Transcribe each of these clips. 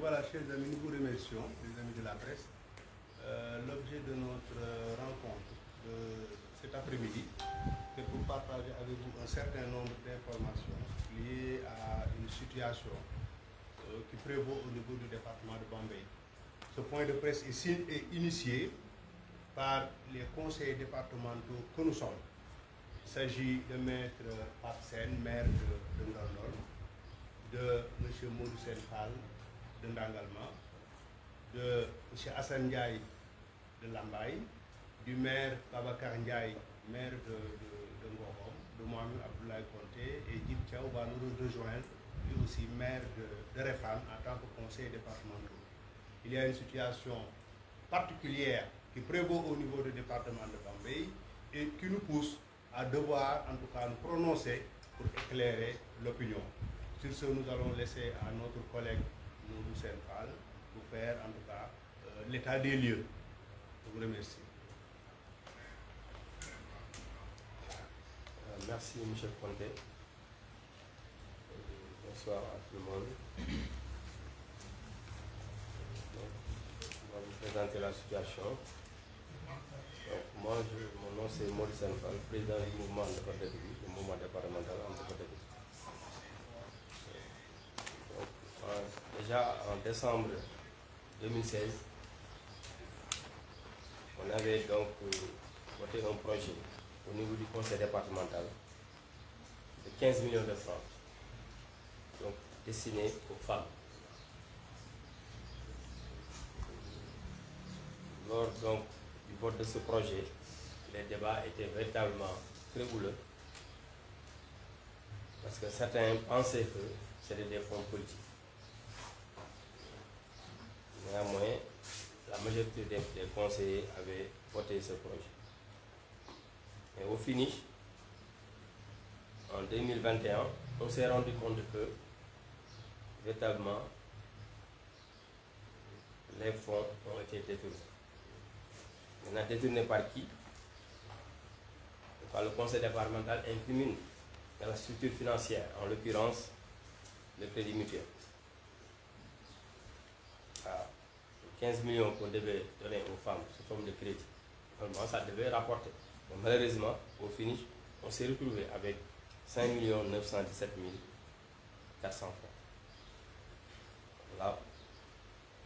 voilà, chers amis, nous vous remercions, les amis de la presse. Euh, l'objet de notre euh, rencontre de cet après-midi, c'est pour partager avec vous un certain nombre d'informations liées à une situation euh, qui prévaut au niveau du département de Bombay. Ce point de presse ici est initié par les conseils départementaux que nous sommes. Il s'agit de Maître Patsen, maire de, de de M. Moudou Senfal, de Ndangalma, de M. Hassan Ndiaye de Lambaye, du maire Babacar Ndiaye, maire de, de, de Ngorom, de Mohamed Abdoulaye Conté et Djib Tchao va nous rejoindre, lui aussi maire de, de en tant que conseiller départemental. Il y a une situation particulière qui prévaut au niveau du département de Bambay et qui nous pousse à devoir en tout cas nous prononcer pour éclairer l'opinion. Sur ce, nous allons laisser à notre collègue pour faire en tout cas euh, l'état des lieux. Je vous remercie. Euh, merci M. Conté. Euh, bonsoir à tout le monde. Je on vous présenter la situation. moi, mon nom c'est Maurice Saint-Fal, président du mouvement, de, le mouvement départemental Euh, déjà en décembre 2016, on avait donc euh, voté un projet au niveau du conseil départemental de 15 millions de francs donc destiné aux femmes. Lors donc du vote de ce projet, les débats étaient véritablement très houleux parce que certains pensaient que c'était des fonds politiques. Néanmoins, la majorité des, conseillers avaient voté ce projet. Et au finish, en 2021, on s'est rendu compte que, véritablement, les fonds ont été détournés. Maintenant, détournés par qui Par le conseil départemental incrimine dans la structure financière, en l'occurrence le crédit mutuel. 15 millions qu'on devait donner aux femmes sous forme de crédit. Normalement, ça devait rapporter. malheureusement, au finish, on s'est retrouvé avec 5 917 400 francs. Là,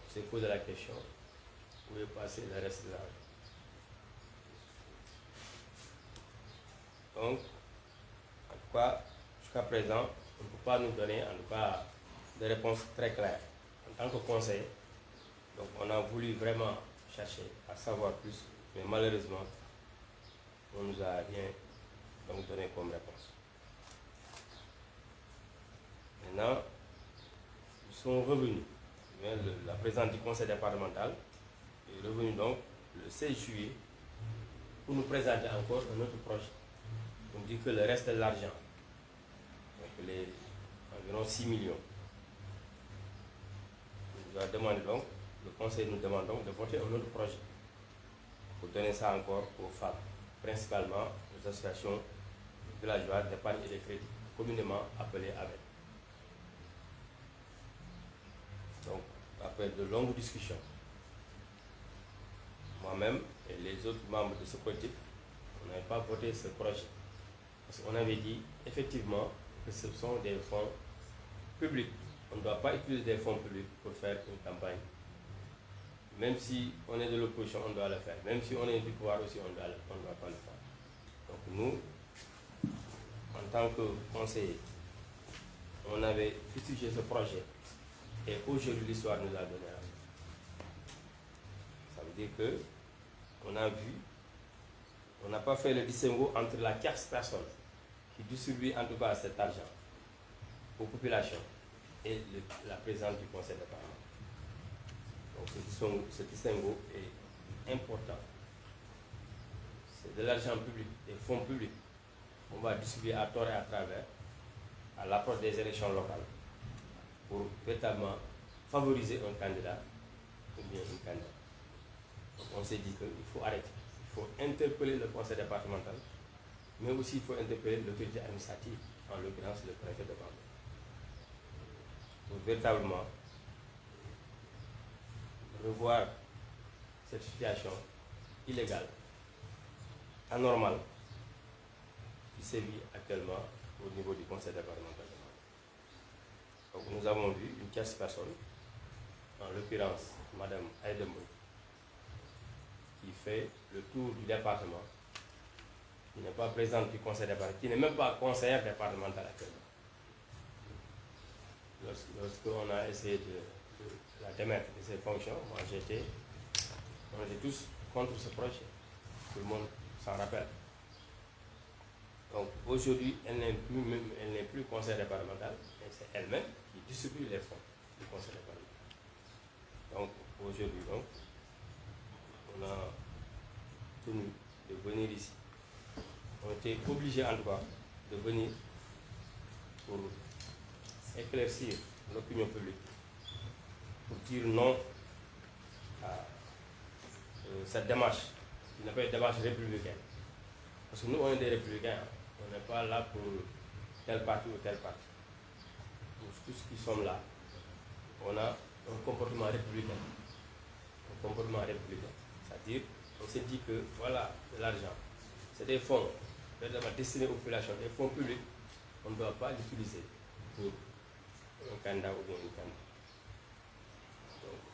on s'est posé la question où est passé le reste de l'argent. Donc, en tout cas, jusqu'à présent, on ne peut pas nous donner en tout cas des réponses très claires. En tant que conseiller, on a voulu vraiment chercher à savoir plus, mais malheureusement, on ne nous a rien donné comme réponse. Maintenant, ils sont revenus. Eh la présidente du conseil départemental est revenue donc le 16 juillet pour nous présenter encore un autre projet. On dit que le reste de l'argent, environ 6 millions, on nous a demandé donc le Conseil nous demande donc de voter un autre projet pour donner ça encore aux femmes, principalement aux associations de la joie, d'épargne et des crédits communément appelées avec Donc, après de longues discussions, moi-même et les autres membres de ce collectif, on n'avait pas voté ce projet. Parce qu'on avait dit effectivement que ce sont des fonds publics. On ne doit pas utiliser des fonds publics pour faire une campagne même si on est de l'opposition, on doit le faire. Même si on est du pouvoir aussi, on ne on doit pas le faire. Donc nous, en tant que conseiller, on avait fustigé ce projet. Et aujourd'hui, l'histoire nous l'a donné nous. Ça veut dire qu'on a vu, on n'a pas fait le distinguo entre la tierce personne qui distribue en tout cas cet argent aux populations et la présence du conseil de parlement. Donc ce distinguo, est important. C'est de l'argent public, des fonds publics. On va distribuer à tort et à travers à l'approche des élections locales pour véritablement favoriser un candidat ou bien une candidate. Donc on s'est dit qu'il faut arrêter. Il faut interpeller le conseil départemental, mais aussi il faut interpeller l'autorité administrative, en l'occurrence le préfet de Pour véritablement revoir cette situation illégale, anormale, qui sévit actuellement au niveau du conseil départemental nous avons vu une tierce personne, en l'occurrence Madame Aydembo, qui fait le tour du département, qui n'est pas présente du conseil départemental, qui n'est même pas conseillère départementale actuellement. Lorsqu'on a essayé de la démarche de ses fonctions. Moi, j'étais. On était tous contre ce projet. Tout le monde s'en rappelle. Donc aujourd'hui, elle n'est plus, même, elle n'est plus conseil départemental, c'est elle-même qui distribue les fonds du conseil départemental. Donc aujourd'hui, on a tenu de venir ici. On était obligé en droit de venir pour éclaircir l'opinion publique pour dire non à euh, cette démarche, qui n'est pas une démarche républicaine. Parce que nous, on est des républicains, hein. on n'est pas là pour tel parti ou tel parti. Nous tous qui sommes là, on a un comportement républicain. Un comportement républicain. C'est-à-dire, on s'est dit que voilà, l'argent, c'est des fonds destinés aux populations, des fonds publics, on ne doit pas l'utiliser pour un candidat ou un une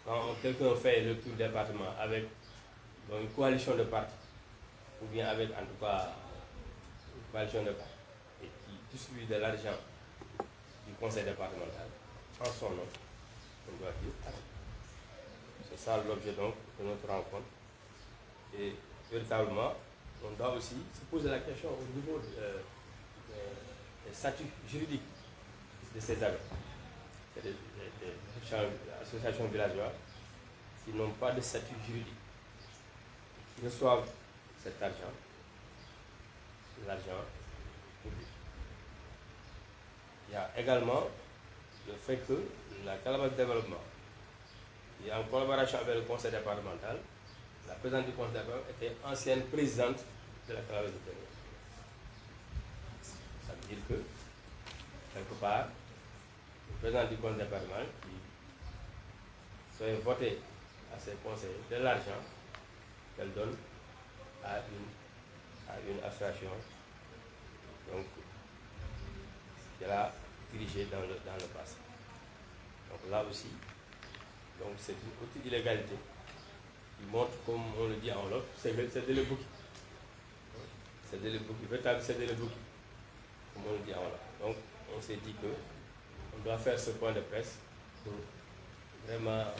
quand quelqu'un fait le tour département avec une coalition de partis, ou bien avec en tout cas une coalition de partis, et qui distribue de l'argent du conseil départemental en son nom, on doit dire C'est ça l'objet donc de notre rencontre. Et véritablement, on doit aussi se poser la question au niveau euh, euh, du statut juridique de de ces agents des, associations villageoises, qui n'ont pas de statut juridique, qui reçoivent cet argent, l'argent public. Il y a également le fait que la de Développement, et en collaboration avec le conseil départemental, la présidente du conseil départemental était ancienne présidente de la de Développement. Ça veut dire que, quelque part, président du compte département qui soit voté à ses conseils de l'argent qu'elle donne à une, à une association donc, qu'elle a dirigée dans le, dans le passé. Donc là aussi, c'est une petite illégalité qui montre, comme on le dit en Europe, c'est de l'époque. C'est de l'époque, véritable c'est de l'époque, comme on le dit en Europe. Donc on s'est dit que on doit faire ce point de presse pour vraiment euh,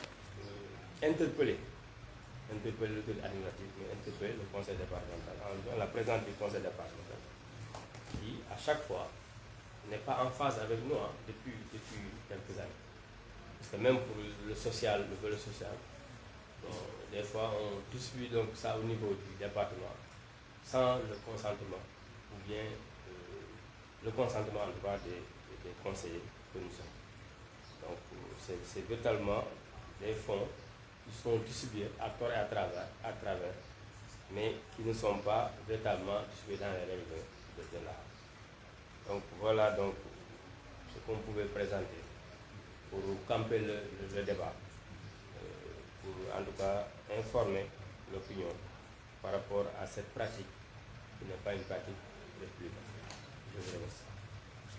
interpeller, interpeller interpeller le conseil départemental, la présence du conseil départemental, qui à chaque fois n'est pas en phase avec nous hein, depuis, depuis quelques années. Parce que même pour le social, le volet social, des fois on distribue donc ça au niveau du département sans le consentement ou bien euh, le consentement en droit des conseillers nous Donc, c'est totalement des fonds qui sont distribués à tort et à travers, à travers mais qui ne sont pas véritablement distribués dans les règles de, l'art. Donc, voilà donc ce qu'on pouvait présenter pour camper le, débat, euh, pour en tout cas informer l'opinion par rapport à cette pratique qui n'est pas une pratique républicaine. Je vous remercie.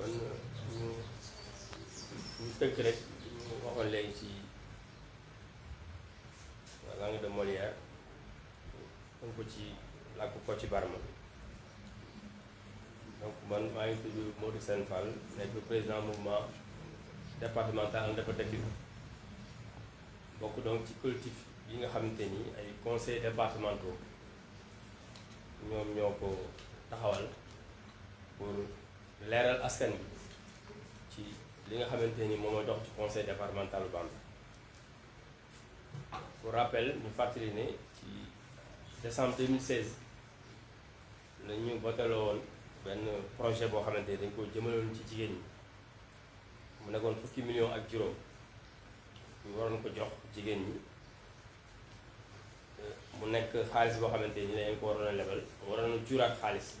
kon ñu ñu tënk rek ñu waxoon leen ci langue de Molière tënk ko ci làkk ko ci barma donc man maa ngi tudd Modou Sène Fall nekk président mouvement départemental and dafa dëkk bokk donc ci collectif yi nga xamante ni ay conseils départementaux ñoom ñoo ko taxawal pour leeral askan wi ci li nga xamante ni moom dox ci conseil départemental Bamba. pour rappel ñu fàttali ne ci décembre 2016 la ñu botaloo woon benn projet boo xamante ni dañ ko jëmaloon ci jigéen ñi mu nekkoon fukki millions ak juróom ñu waroon ko jox jigéen ñi mu nekk xaalis boo xamante ni dañ ko waroon a lebal waroon a juraat xaalis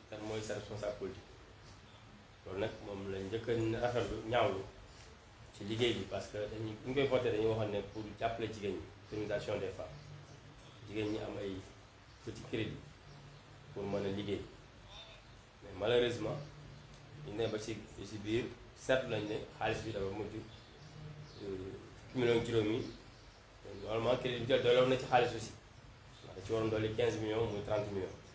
kan mooy sa responsable politique loolu nag moom lañ njëkk a rafetlu ñaawlu ci liggéey bi parce que dañu bu ñu koy voté dañu waxoon ne pour jàppale jigéen ñi féminisation des femmes jigéen ñi am ay petit crédit pour mën a liggéey mais malheureusement ñu ne ba ci ci biir seetlu lañ ne xaalis bi dafa mujj euh, fukki million juróom yi normalement crédit bi dooloon na ci xaalis aussi ndax da ci waroon dolli 15 millions muy 30 millions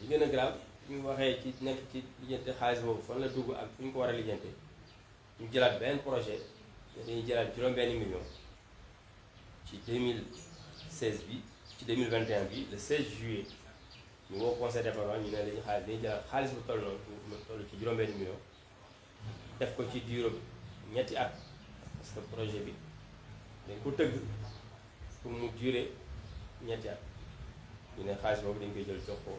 li gën a grave ñu waxee ci nekk ci lijjanti xaalis boobu fan la dugg ak fu ñu ko war a lijjanti ñu jëlaat benn projet dañuy jëlaat juróom-benn million ci 2016 bi ci 2021 bi le 16 juillet ñu woo conseil départemental ñu ne dañuy xaalis dañuy jëlaat xaalis bu toll noonu lu toll ci juróom-benn million def ko ci diiru ñetti at parce que projet bi dañ ko tëgg pour mu durer ñetti at ñu ne xaalis boobu dañ koy jël jox ko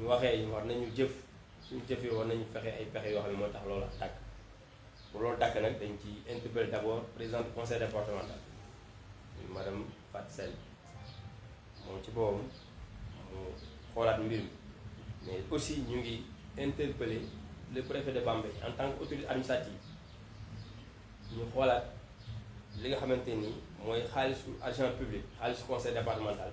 ñu waxee war nañu jëf suñu jëfee war nañu fexe ay pexe yoo xam ne moo tax loolu tàkk bu loolu tàkk nag dañ ci interpellé d' président du conseil départemental madame Fatou Sène moom ci boobam mu mbir mi mais aussi ñu ngi interpellé le préfet de Bambey en tant qu'autorité administrative ñu xoolaat li nga xamante ni mooy xaalisu agent public xaalisu conseil départemental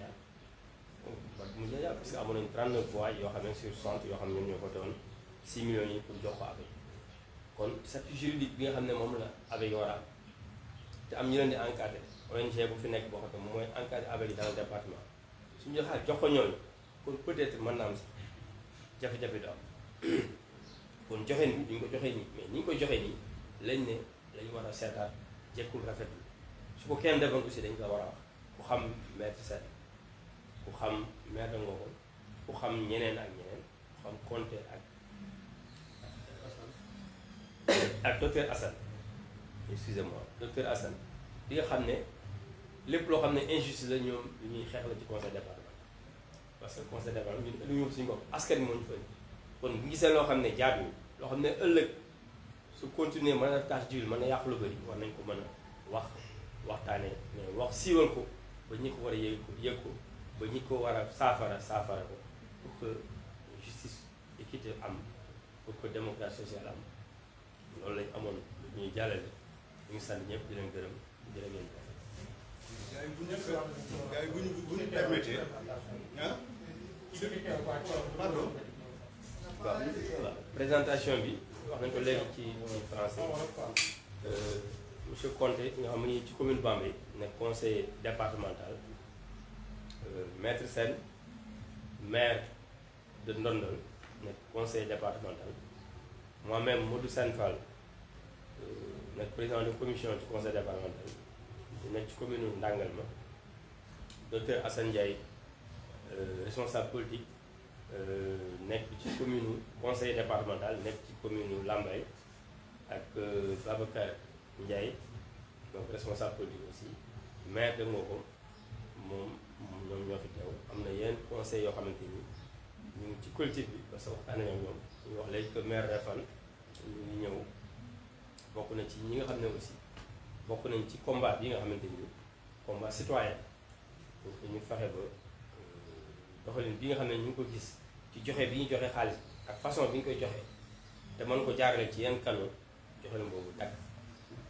ba mu jaajaat parce que amoon nañu 39 voix yoo xam ne sur 60 yoo xam ne ñoom ñoo voté woon 6 millions yi pour jox ko avec kon statut juridique bi nga xam ne moom la avec war a am te am ñu leen di encadré ONG bu fi nekk boo xam ne moom mooy encadré avec département suñu joxaat jox ko ñooñu kon peut-être mën naa am sax jafe-jafe kon joxe ni ñu ko joxee nii mais ni ñu joxee nii lañ ne lañ war a seetaat jekkul rafetlu su ko kenn defoon aussi dañ ko war a wax xam maître seet ku xam maître nga ko ku xam ñeneen ak ñeneen ku xam Conté ak ak docteur Assane excusez-moi docteur Assane di nga xam ne lépp loo xam ne injustice la ñoom li ñuy xeex la ci conseil département parce que conseil département ñun lu ñu suñu bopp askan wi moo ñu fay kon bu gisee loo xam ne jaaduwul loo xam ne ëllëg su continuer mën a tax d'huile mën a yàq lu bëri war nañ ko mën a wax waxtaanee mais wax siiwal ko ba ñi ko war a yëg ko yëg ko ba ñi ko war a saafara ko pour que justice équité am pour que démocratie sociale am loolu lañ amoon lu ñuy jàllale ñu ngi sant ñëpp di leen gërëm jërë ngeen jëf. gay yi bu ñu gars yi bu ñu bu ñu permettre ah. pardon. présentation bi wax nañ ko légui ci français euh monsieur Conté nga am ni ci commune Bambey nekk conseiller départemental. Euh, maître Sen, maire de Ndondol Conseil conseiller départemental moi-même Moudou Senfal, euh, président de commission du conseil départemental de la commune Ndangal docteur Assane Ndiaye euh, responsable politique nekk commune conseil départemental de la commune Lambaye Avec l'avocat Ndiaye donc responsable politique aussi maire de Ngoko ñoom ñoo fi teew am na yenn conseil yoo xamante ni ñu ngi ci collectif bi parce que waxtaan nañu ñoom ñu wax léegi que maire de Fann ñu ngi ñëw bokk na ci ñi nga xam ne aussi bokk nañ ci combat bi nga xamante ni combat citoyen pour que ñu fexe ba euh, doxalin bi nga xam ne ñu ngi ko gis ci joxe bi ñu joxe xaalis ak façon bi ñu koy joxe te mën ko jaarale ci yenn canaux joxalin boobu dagg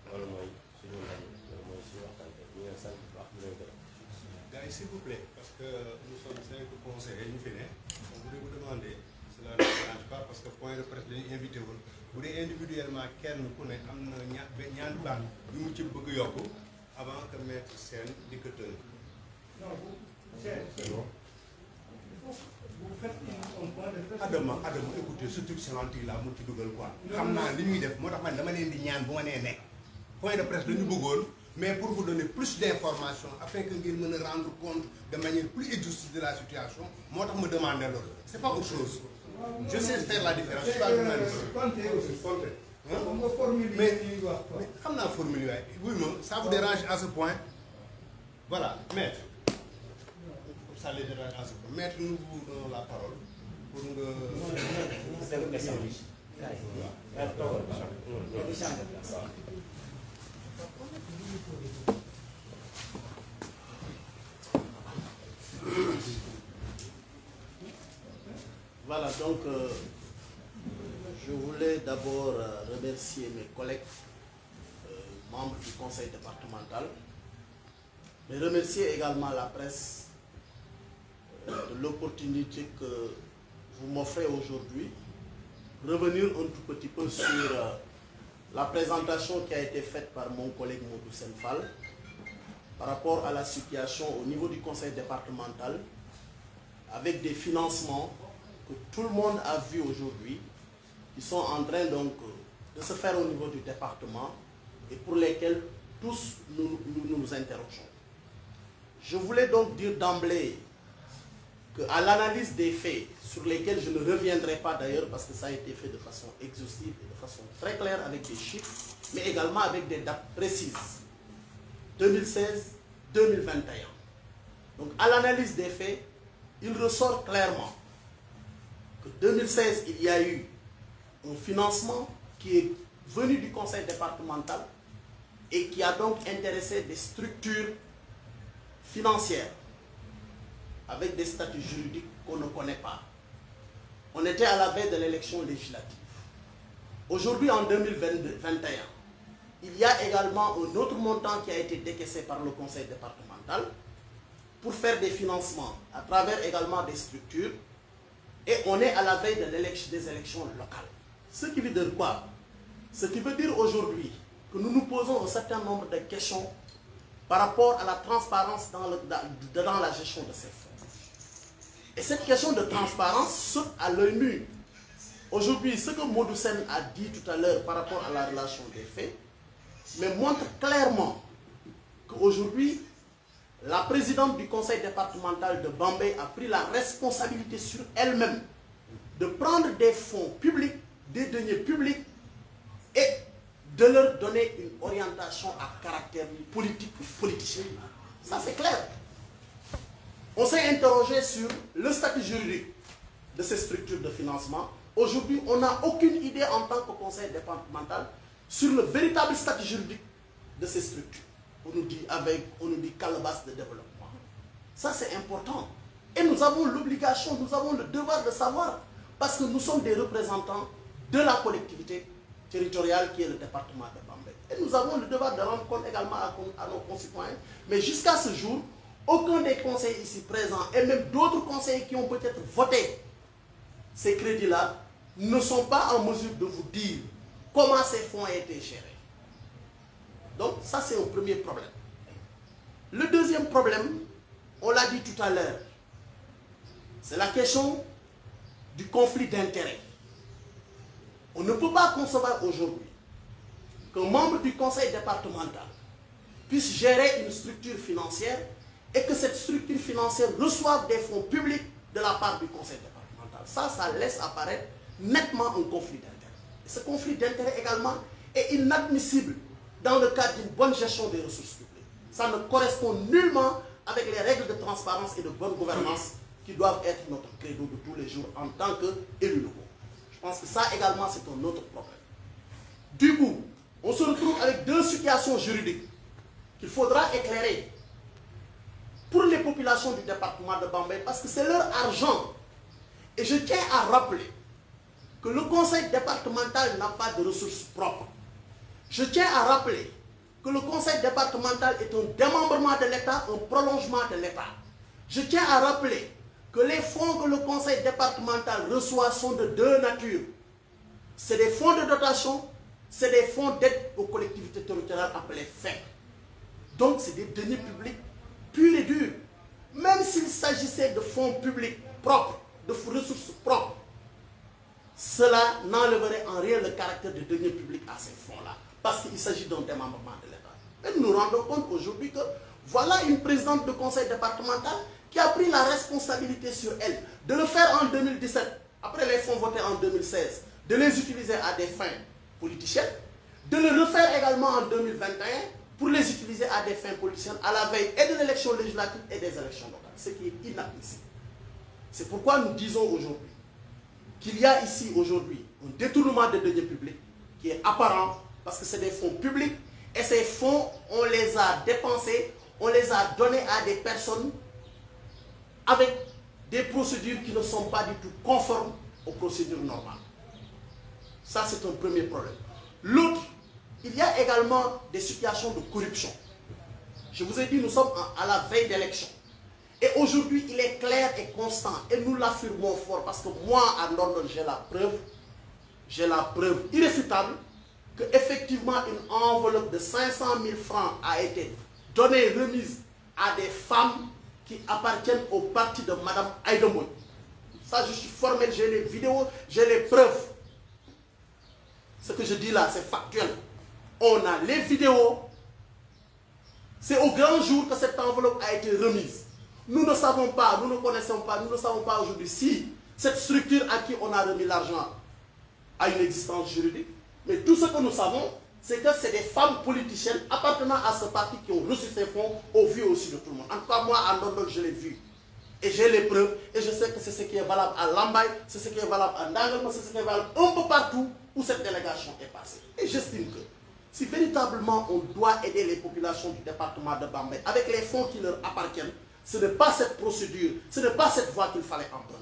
loolu mooy suñu ndaje loolu mooy suñu waxtaan ñu ngi sant bu baax s'il vous plaît, parce que nous sommes cinq conseillers, nous On vous demander, cela ne dérange pas, parce que point de presse, nous Vous voulez individuellement, qu'elle nous qu'elle nous avons avant que Maître Sen Non, vous, c'est Vous faites un point de presse. Adama, écoutez, ce truc là, mon Google, quoi. l'unité, moi, je point de presse, mais pour vous donner plus d'informations afin que vous me rendre compte de manière plus exhaustive de la situation moi, moi me me alors. Ce n'est pas autre chose je sais faire la différence je suis pas journaliste mais xam naa formule oui mais ça vous dérange à ce point voilà maître ça les dérange à ce point maître nous vous donnons la parole pour nous. Voilà, donc euh, je voulais d'abord euh, remercier mes collègues euh, membres du conseil départemental, mais remercier également la presse de l'opportunité que vous m'offrez aujourd'hui, revenir un tout petit peu sur la présentation qui a été faite par mon collègue Modou Senfal par rapport à la situation au niveau du conseil départemental avec des financements que tout le monde a vu aujourd'hui qui sont en train donc euh, de se faire au niveau du département et pour lesquels tous nous nous, nous interrogeons. Je voulais donc dire d'emblée qu'à l'analyse des faits, sur lesquels je ne reviendrai pas d'ailleurs parce que ça a été fait de façon exhaustive et de façon très claire avec des chiffres, mais également avec des dates précises. 2016, 2021. Donc à l'analyse des faits, il ressort clairement que 2016, il y a eu un financement qui est venu du conseil départemental et qui a donc intéressé des structures financières avec des statuts juridiques qu'on ne connaît pas. On était à la veille de l'élection législative. Aujourd'hui, en 2021, il y a également un autre montant qui a été décaissé par le conseil départemental pour faire des financements à travers également des structures. Et on est à la veille de des élections locales. Ce qui veut dire quoi Ce qui veut dire aujourd'hui que nous nous posons un certain nombre de questions par rapport à la transparence dans, dans la gestion de ces fonds. Et cette question de transparence saute à l'œil nu. Aujourd'hui, ce que Modoussen a dit tout à l'heure par rapport à la relation des faits, me montre clairement qu'aujourd'hui, la présidente du conseil départemental de Bambay a pris la responsabilité sur elle-même de prendre des fonds publics, des deniers publics et de leur donner une orientation à caractère politique ou politicien. Ça c'est clair. On s'est interrogé sur le statut juridique de ces structures de financement. Aujourd'hui, on n'a aucune idée en tant que conseil départemental sur le véritable statut juridique de ces structures. On nous dit avec, on nous dit calebasse de développement. Ça, c'est important. Et nous avons l'obligation, nous avons le devoir de savoir, parce que nous sommes des représentants de la collectivité territoriale qui est le département de Bambé. Et nous avons le devoir de rendre compte également à nos concitoyens. Mais jusqu'à ce jour, aucun des conseils ici présents, et même d'autres conseils qui ont peut-être voté ces crédits-là, ne sont pas en mesure de vous dire comment ces fonds ont été gérés. Donc ça, c'est le premier problème. Le deuxième problème, on l'a dit tout à l'heure, c'est la question du conflit d'intérêts. On ne peut pas concevoir aujourd'hui qu'un membre du conseil départemental puisse gérer une structure financière et que cette structure financière reçoive des fonds publics de la part du conseil départemental. Ça, ça laisse apparaître nettement un conflit d'intérêt. Ce conflit d'intérêt également est inadmissible dans le cadre d'une bonne gestion des ressources publiques. Ça ne correspond nullement avec les règles de transparence et de bonne gouvernance qui doivent être notre credo de tous les jours en tant qu'élus locaux. Je pense que ça également, c'est un autre problème. Du coup, on se retrouve avec deux situations juridiques qu'il faudra éclairer pour les populations du département de Bambay parce que c'est leur argent. Et je tiens à rappeler que le conseil départemental n'a pas de ressources propres. Je tiens à rappeler que le conseil départemental est un démembrement de l'État, un prolongement de l'État. Je tiens à rappeler que les fonds que le conseil départemental reçoit sont de deux natures. C'est des fonds de dotation, c'est des fonds d'aide aux collectivités territoriales appelés FEC. Donc c'est des deniers publics puis et deux, même s'il s'agissait de fonds publics propres, de ressources propres, cela n'enlèverait en rien le caractère de données public à ces fonds-là, parce qu'il s'agit d'un démembrement de l'État. Mais nous nous rendons compte aujourd'hui que voilà une présidente de conseil départemental qui a pris la responsabilité sur elle de le faire en 2017, après les fonds votés en 2016, de les utiliser à des fins politiciennes, de le refaire également en 2021 pour les utiliser à des fins policières, à la veille et de l'élection législative et des élections locales, ce qui est inadmissible. C'est pourquoi nous disons aujourd'hui qu'il y a ici aujourd'hui un détournement des données publics qui est apparent parce que c'est des fonds publics et ces fonds, on les a dépensés, on les a donnés à des personnes avec des procédures qui ne sont pas du tout conformes aux procédures normales. Ça, c'est un premier problème. L'autre, il y a également des situations de corruption. Je vous ai dit, nous sommes à la veille d'élection. Et aujourd'hui, il est clair et constant, et nous l'affirmons fort, parce que moi, à Londres, j'ai la preuve, j'ai la preuve irréfutable, qu'effectivement, une enveloppe de 500 000 francs a été donnée, remise à des femmes qui appartiennent au parti de Mme Aïdemoy. Ça, je suis formé j'ai les vidéos, j'ai les preuves. Ce que je dis là, c'est factuel on a les vidéos. C'est au grand jour que cette enveloppe a été remise. Nous ne savons pas, nous ne connaissons pas, nous ne savons pas aujourd'hui si cette structure à qui on a remis l'argent a une existence juridique. Mais tout ce que nous savons, c'est que c'est des femmes politiciennes appartenant à ce parti qui ont reçu ces fonds au vu aussi de tout le monde. En tout cas, moi, à London, je l'ai vu. Et j'ai les preuves. Et je sais que c'est ce qui est valable à Lambaye, c'est ce qui est valable à Ndangalma, c'est ce qui est valable un peu partout où cette délégation est passée. Et j'estime que si véritablement on doit aider les populations du département de Bambe, avec les fonds qui leur appartiennent, ce n'est pas cette procédure, ce n'est pas cette voie qu'il fallait emprunter.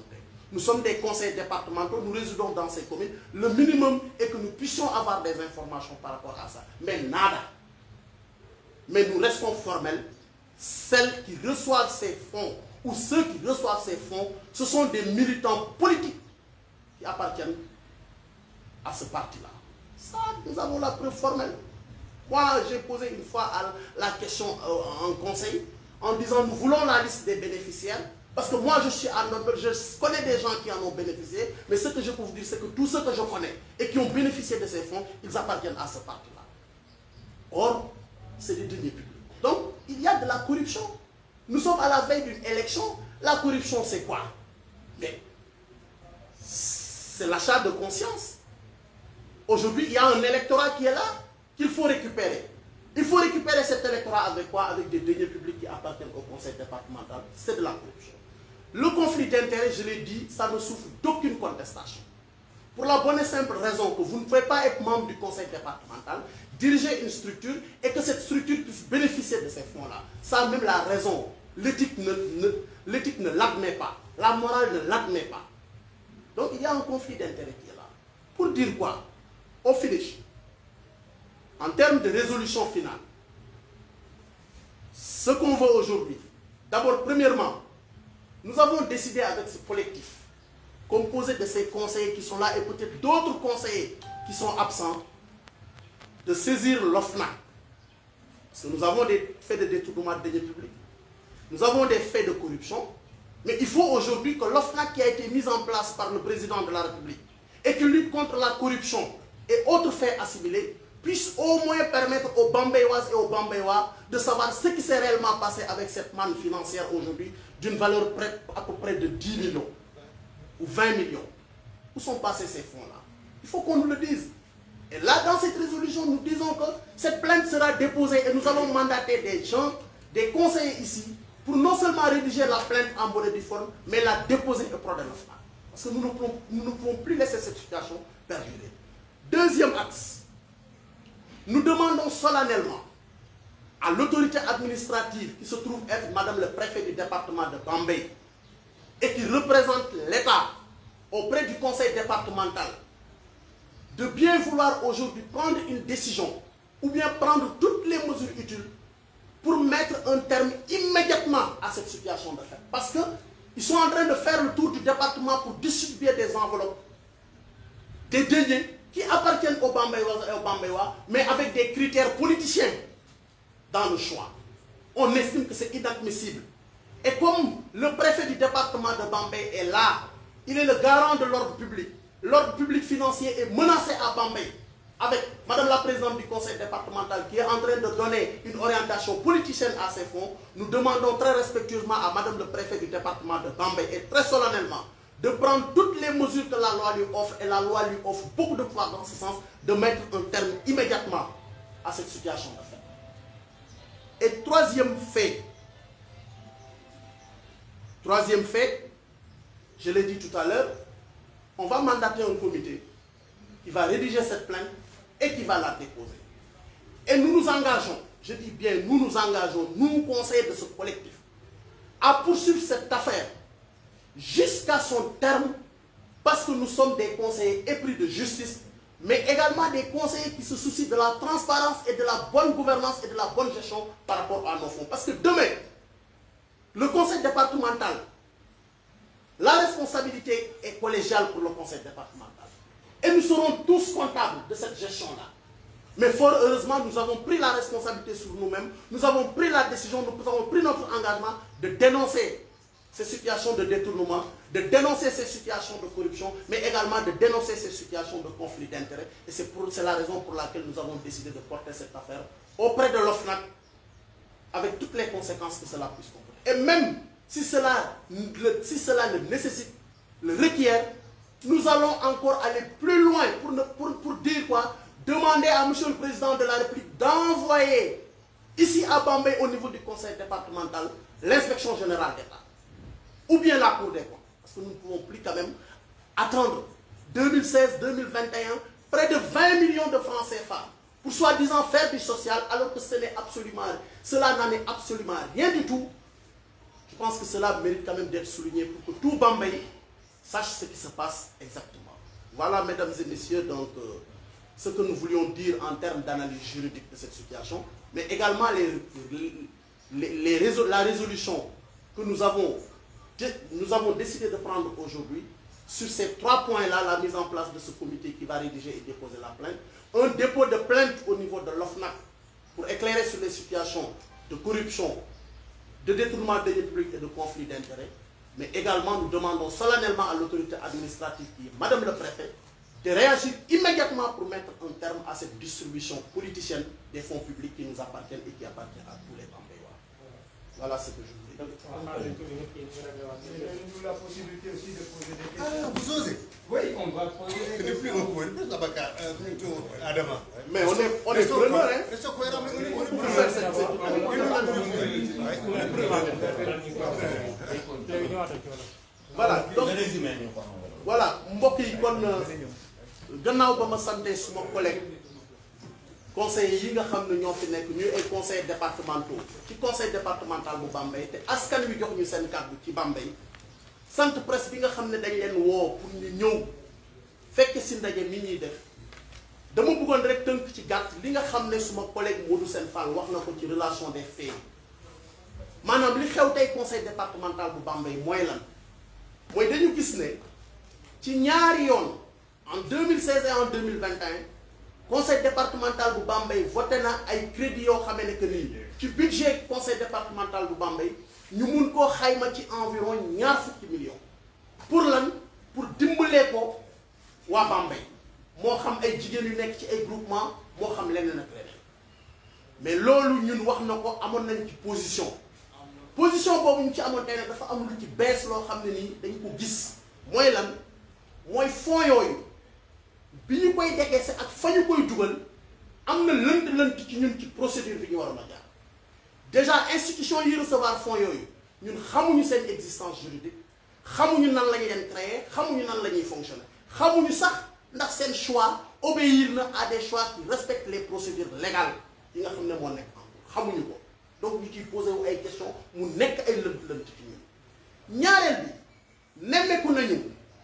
Nous sommes des conseils départementaux, nous résidons dans ces communes. Le minimum est que nous puissions avoir des informations par rapport à ça. Mais nada. Mais nous restons formels. Celles qui reçoivent ces fonds ou ceux qui reçoivent ces fonds, ce sont des militants politiques qui appartiennent à ce parti-là. Ça, nous avons la preuve formelle. Moi, j'ai posé une fois la question euh, en conseil en disant nous voulons la liste des bénéficiaires. Parce que moi, je suis à je connais des gens qui en ont bénéficié, mais ce que je peux vous dire, c'est que tous ceux que je connais et qui ont bénéficié de ces fonds, ils appartiennent à ce parti-là. Or, c'est des deniers publics. Donc, il y a de la corruption. Nous sommes à la veille d'une élection. La corruption, c'est quoi Mais c'est l'achat de conscience. Aujourd'hui, il y a un électorat qui est là, qu'il faut récupérer. Il faut récupérer cet électorat avec quoi Avec des deniers publics qui appartiennent au conseil départemental. C'est de la corruption. Le conflit d'intérêts, je l'ai dit, ça ne souffre d'aucune contestation. Pour la bonne et simple raison que vous ne pouvez pas être membre du conseil départemental, diriger une structure et que cette structure puisse bénéficier de ces fonds-là. Ça même la raison. L'éthique ne, ne l'admet pas. La morale ne l'admet pas. Donc il y a un conflit d'intérêts qui est là. Pour dire quoi au finish, en termes de résolution finale, ce qu'on veut aujourd'hui, d'abord, premièrement, nous avons décidé avec ce collectif, composé de ces conseillers qui sont là et peut-être d'autres conseillers qui sont absents, de saisir l'OFNA. Parce que nous avons des faits de détournement de deniers publics, nous avons des faits de corruption, mais il faut aujourd'hui que l'OFNA qui a été mise en place par le président de la République et qui lutte contre la corruption et autres faits assimilés puissent au moins permettre aux Bambéoises et aux Bambéois de savoir ce qui s'est réellement passé avec cette manne financière aujourd'hui d'une valeur à peu près de 10 millions ou 20 millions. Où sont passés ces fonds-là Il faut qu'on nous le dise. Et là, dans cette résolution, nous disons que cette plainte sera déposée et nous allons mandater des gens, des conseillers ici, pour non seulement rédiger la plainte en bonne et forme, mais la déposer auprès de l'OFNA. Parce que nous nous ne pouvons plus laisser cette situation perdurer. Deuxième axe, nous demandons solennellement à l'autorité administrative qui se trouve être Madame le préfet du département de Bambé et qui représente l'État auprès du conseil départemental de bien vouloir aujourd'hui prendre une décision ou bien prendre toutes les mesures utiles pour mettre un terme immédiatement à cette situation d'affaires. Parce qu'ils sont en train de faire le tour du département pour distribuer des enveloppes, des deniers qui appartiennent aux Bambayois et aux Bambayois, mais avec des critères politiciens dans le choix. On estime que c'est inadmissible. Et comme le préfet du département de Bambay est là, il est le garant de l'ordre public. L'ordre public financier est menacé à Bambay avec Madame la Présidente du Conseil départemental qui est en train de donner une orientation politicienne à ces fonds, nous demandons très respectueusement à Madame le Préfet du département de Bambay et très solennellement de prendre toutes les mesures que la loi lui offre, et la loi lui offre beaucoup de pouvoir dans ce sens, de mettre un terme immédiatement à cette situation de Et troisième fait, troisième fait, je l'ai dit tout à l'heure, on va mandater un comité qui va rédiger cette plainte et qui va la déposer. Et nous nous engageons, je dis bien, nous nous engageons, nous, conseillons de ce collectif, à poursuivre cette affaire jusqu'à son terme parce que nous sommes des conseillers épris de justice, mais également des conseillers qui se soucient de la transparence et de la bonne gouvernance et de la bonne gestion par rapport à nos fonds. Parce que demain, le conseil départemental, la responsabilité est collégiale pour le conseil départemental. Et nous serons tous comptables de cette gestion-là. Mais fort heureusement, nous avons pris la responsabilité sur nous-mêmes, nous avons pris la décision, nous avons pris notre engagement de dénoncer ces situations de détournement, de dénoncer ces situations de corruption, mais également de dénoncer ces situations de conflit d'intérêts. Et c'est la raison pour laquelle nous avons décidé de porter cette affaire auprès de l'OFNAC, avec toutes les conséquences que cela puisse comporter. Et même si cela, le, si cela nécessite, le requiert, nous allons encore aller plus loin pour, dire quoi Demander à M. le Président de la République d'envoyer ici à Bambay au niveau du Conseil départemental l'inspection générale d'État ou bien la Cour des comptes. Parce que nous ne pouvons plus quand même attendre 2016-2021 près de 20 millions de francs CFA pour soi-disant faire du social alors que ce n'est absolument cela n'en est absolument rien du tout. Je pense que cela mérite quand même d'être souligné pour que tout Bambaye sache ce qui se passe exactement. Voilà, mesdames et messieurs, donc euh, ce que nous voulions dire en termes d'analyse juridique de cette situation, mais également les, les, la résolution que nous avons nous avons décidé de prendre aujourd'hui, sur ces trois points-là, la mise en place de ce comité qui va rédiger et déposer la plainte, un dépôt de plainte au niveau de l'OFNAC pour éclairer sur les situations de corruption, de détournement des publics et de conflits d'intérêts. Mais également, nous demandons solennellement à l'autorité administrative, qui est Madame le Préfet, de réagir immédiatement pour mettre un terme à cette distribution politicienne des fonds publics qui nous appartiennent et qui appartiennent à tous les banques. Voilà ce que je vous dis. la possibilité aussi de poser des questions. vous osez Oui, on va poser ne Plus plus Mais on est, on est hein on est Voilà, donc, voilà, donne kon ma collègue conseil yi nga ñoo fi conseil départementaux ci conseil départemental bu Bambey te askan wi jox ñu seen kàddu ci Bambey presse bi nga qui ont dañ leen pour ñëw fekk si ndaje mi ñuy def dama bëggoon rek tënk ci gàtt li nga collègue Modou Sène Fall wax la ci relation des faits li conseil départemental bu Bambey lan dañu gis ci yoon en 2016 et en 2021 conseil départemental du Bambey voté na ay crédit yo xamee que ci budget conseil départemental du Bambey ñu mën ko xayma ci environ ñaar millions pour lan pour dimbalee ko wa Bambey mo xam ay jigéen yu ci ay groupement mo xam leneen ak leneen mais lolu ñun wax nako amon nañ ci position position bobu ñu ci amoon tey dafa am lu ci baisse lo xam ni dañ ko gis moy lan moy fond yooyu bi ñu koy décaissé ak fañu koy dugal amna leunt leunt ci ñun ci procédure bi ñu waroon jaar déjà institution yi recevoir fonds yoyu ñun xamuñu seen existence juridique xamuñu nan la ñu créer xamuñu nan la fonctionner xamuñu sax ndax seen choix obéir na à des choix qui respectent les procédures légales yi nga xamné mo moo nekk xamuñu ko donc ñu ci poser wu ay questions mu nekk ay leunt leunt ci ñun ñaarel bi nemmeeku nañu.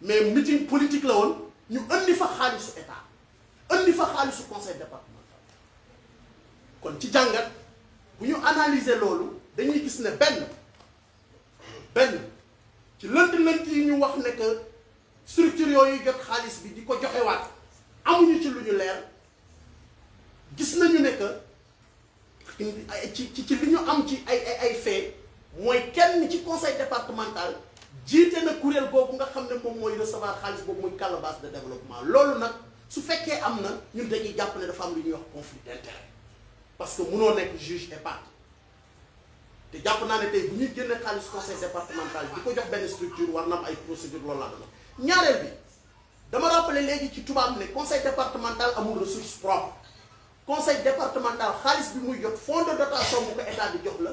mais meeting politique la ñu andi fa xaalisu état andi fa xaalisu conseil départemental kon ci jàngat bu ñu analyser lolu dañuy gis ne benn benn ci leunt yi ñu wax ne que structure yoyu jot bi amuñu ci que ci ci fait conseil départemental jiite na kuréel boobu nga xam mom moy recevoir xaliss boobu moy calebasse de développement lolou nak su fekkee amna ñun dañuy jàpp ne dafa am lu ñuy wax conflit d'intérêt parce que mëno nek juge et partie te japp naa ne tey bu ñuy génne conseil départemental diko jox ben structure war na am ay procédure loolu la dama ñaareel bi dama rappelé léegi ci tubaab ne conseil départemental amul ressources propre conseil départemental xaliss bi muy jox fonds de dotation bu ko état di jox la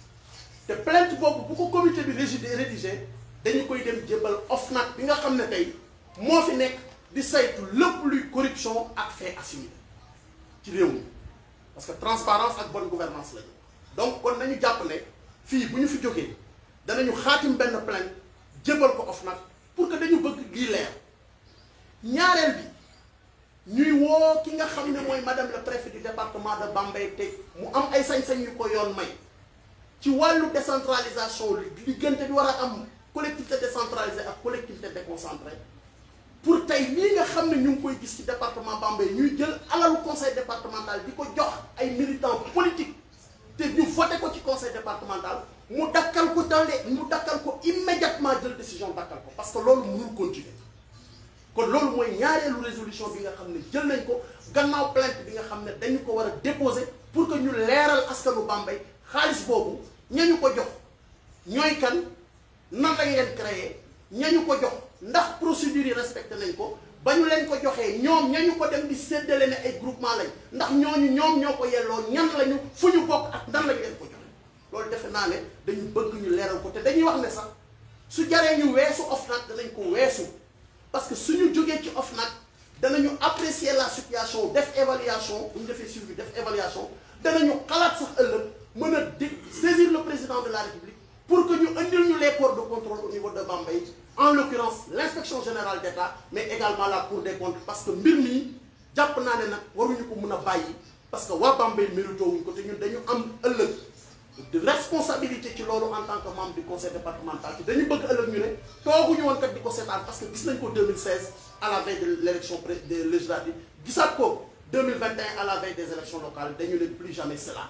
te plainte boobu bu ko comité bi rédigé dañ koy dem jébbal ofnat bi nga xamné tay mo fi nek di saytu lepp luy corruption ak fait assumé ci réew parce que transparence ak bonne gouvernance la donc kon nañu japp né fi buñu fi jógee danañu xaatim ben plainte jébbal ko ofnat pour que dañu bëgg lii leer ñaarel bi ñuy wo ki nga xamné moy madame le préfet du département de Bambey te mu am ay sañ-sañ yu ko yoon may ci wàllu décentralisation liggante bi war a am collectivité décentralisée ak collectivité déconcentrée pour tey lii nga xam ne ñu ngi koy gis ci département Bambey ñuy jël conseil départemental di ko jox ay militants politiques te ñu voté ko ci conseil départemental mu dakkal ko dans les mu dakkal ko immédiatement jël décision dakkal ko parce que loolu mënul continuer kon loolu mooy ñaareelu résolution bi nga xam ne jël nañ ko gannaaw plainte bi nga xam ne dañu ko war a déposer pour que ñu leeral askanu Bambey xaalis ñañu ko jox ñooy kan nan lañ leen créer ñañu ko jox ndax procédures yi respecté nañ ko ba ñu leen ko joxee ñoom ñañu ko dem di séddale ne ay groupement lañ ndax ñooñu ñoom ñoo ko yelloo ñan lañu fu ñu bokk ak nan lañ leen ko joxe loolu defe naa ne dañu bëgg ñu leeral ko te dañuy wax ne sax su jaree ñu weesu OFNAC danañ ko weesu parce que suñu jógee ci OFNAC danañu apprécier la situation def évaluation bu ñu defee suivi def évaluation danañu xalaat sax ëllëg. Nous saisir le président de la République pour que nous ayons les corps de contrôle au niveau de Bambay, en l'occurrence l'inspection générale d'État mais également la Cour des comptes parce que nous mii jàpp naa ne parce que waa Bambey mérito wuñ ko de responsabilité en tant que membre du conseil départemental qui dañu bëgg ëllëg ñu parce que 2016 à la veille de l'élection législative, 2021 à la veille des élections locales nous ne plus jamais cela